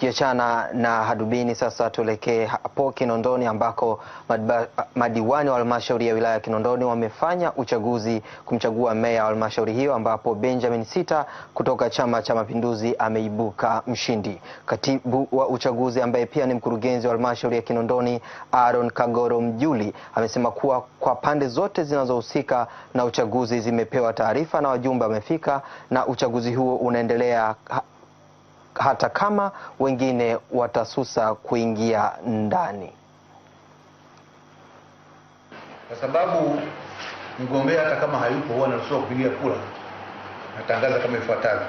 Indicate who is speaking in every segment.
Speaker 1: Tukiachana na hadubini sasa, tuelekee hapo Kinondoni ambako madba, madiwani wa halmashauri ya wilaya ya Kinondoni wamefanya uchaguzi kumchagua meya wa halmashauri hiyo ambapo Benjamin Sita kutoka Chama cha Mapinduzi ameibuka mshindi. Katibu wa uchaguzi ambaye pia ni mkurugenzi wa halmashauri ya Kinondoni Aaron Kagoro Mjuli amesema kuwa kwa pande zote zinazohusika na uchaguzi zimepewa taarifa na wajumbe wamefika na uchaguzi huo unaendelea hata kama wengine watasusa kuingia ndani,
Speaker 2: kwa sababu mgombea hata kama hayupo huwa anaruhusiwa kupigia kura. Natangaza kama ifuatavyo: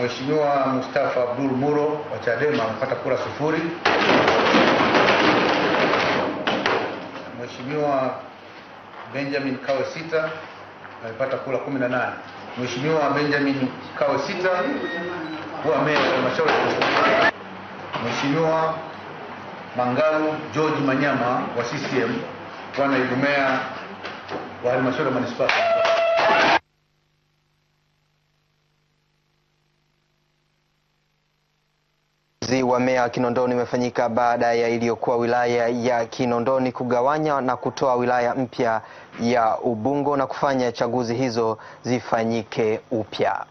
Speaker 2: Mheshimiwa Mustafa Abdul Muro wa Chadema amepata kura sufuri. Mheshimiwa Benjamin Kawe Sita amepata kura kumi na nane. Mheshimiwa Benjamin Kao Sita kuwa meya wa halmashauri ya Mheshimiwa Mangalu George Manyama wa CCM kuwa naibu meya wa halmashauri ya Manispaa
Speaker 1: Uchaguzi wa meya Kinondoni umefanyika baada ya iliyokuwa wilaya ya Kinondoni kugawanya na kutoa wilaya mpya ya Ubungo na kufanya chaguzi hizo zifanyike upya.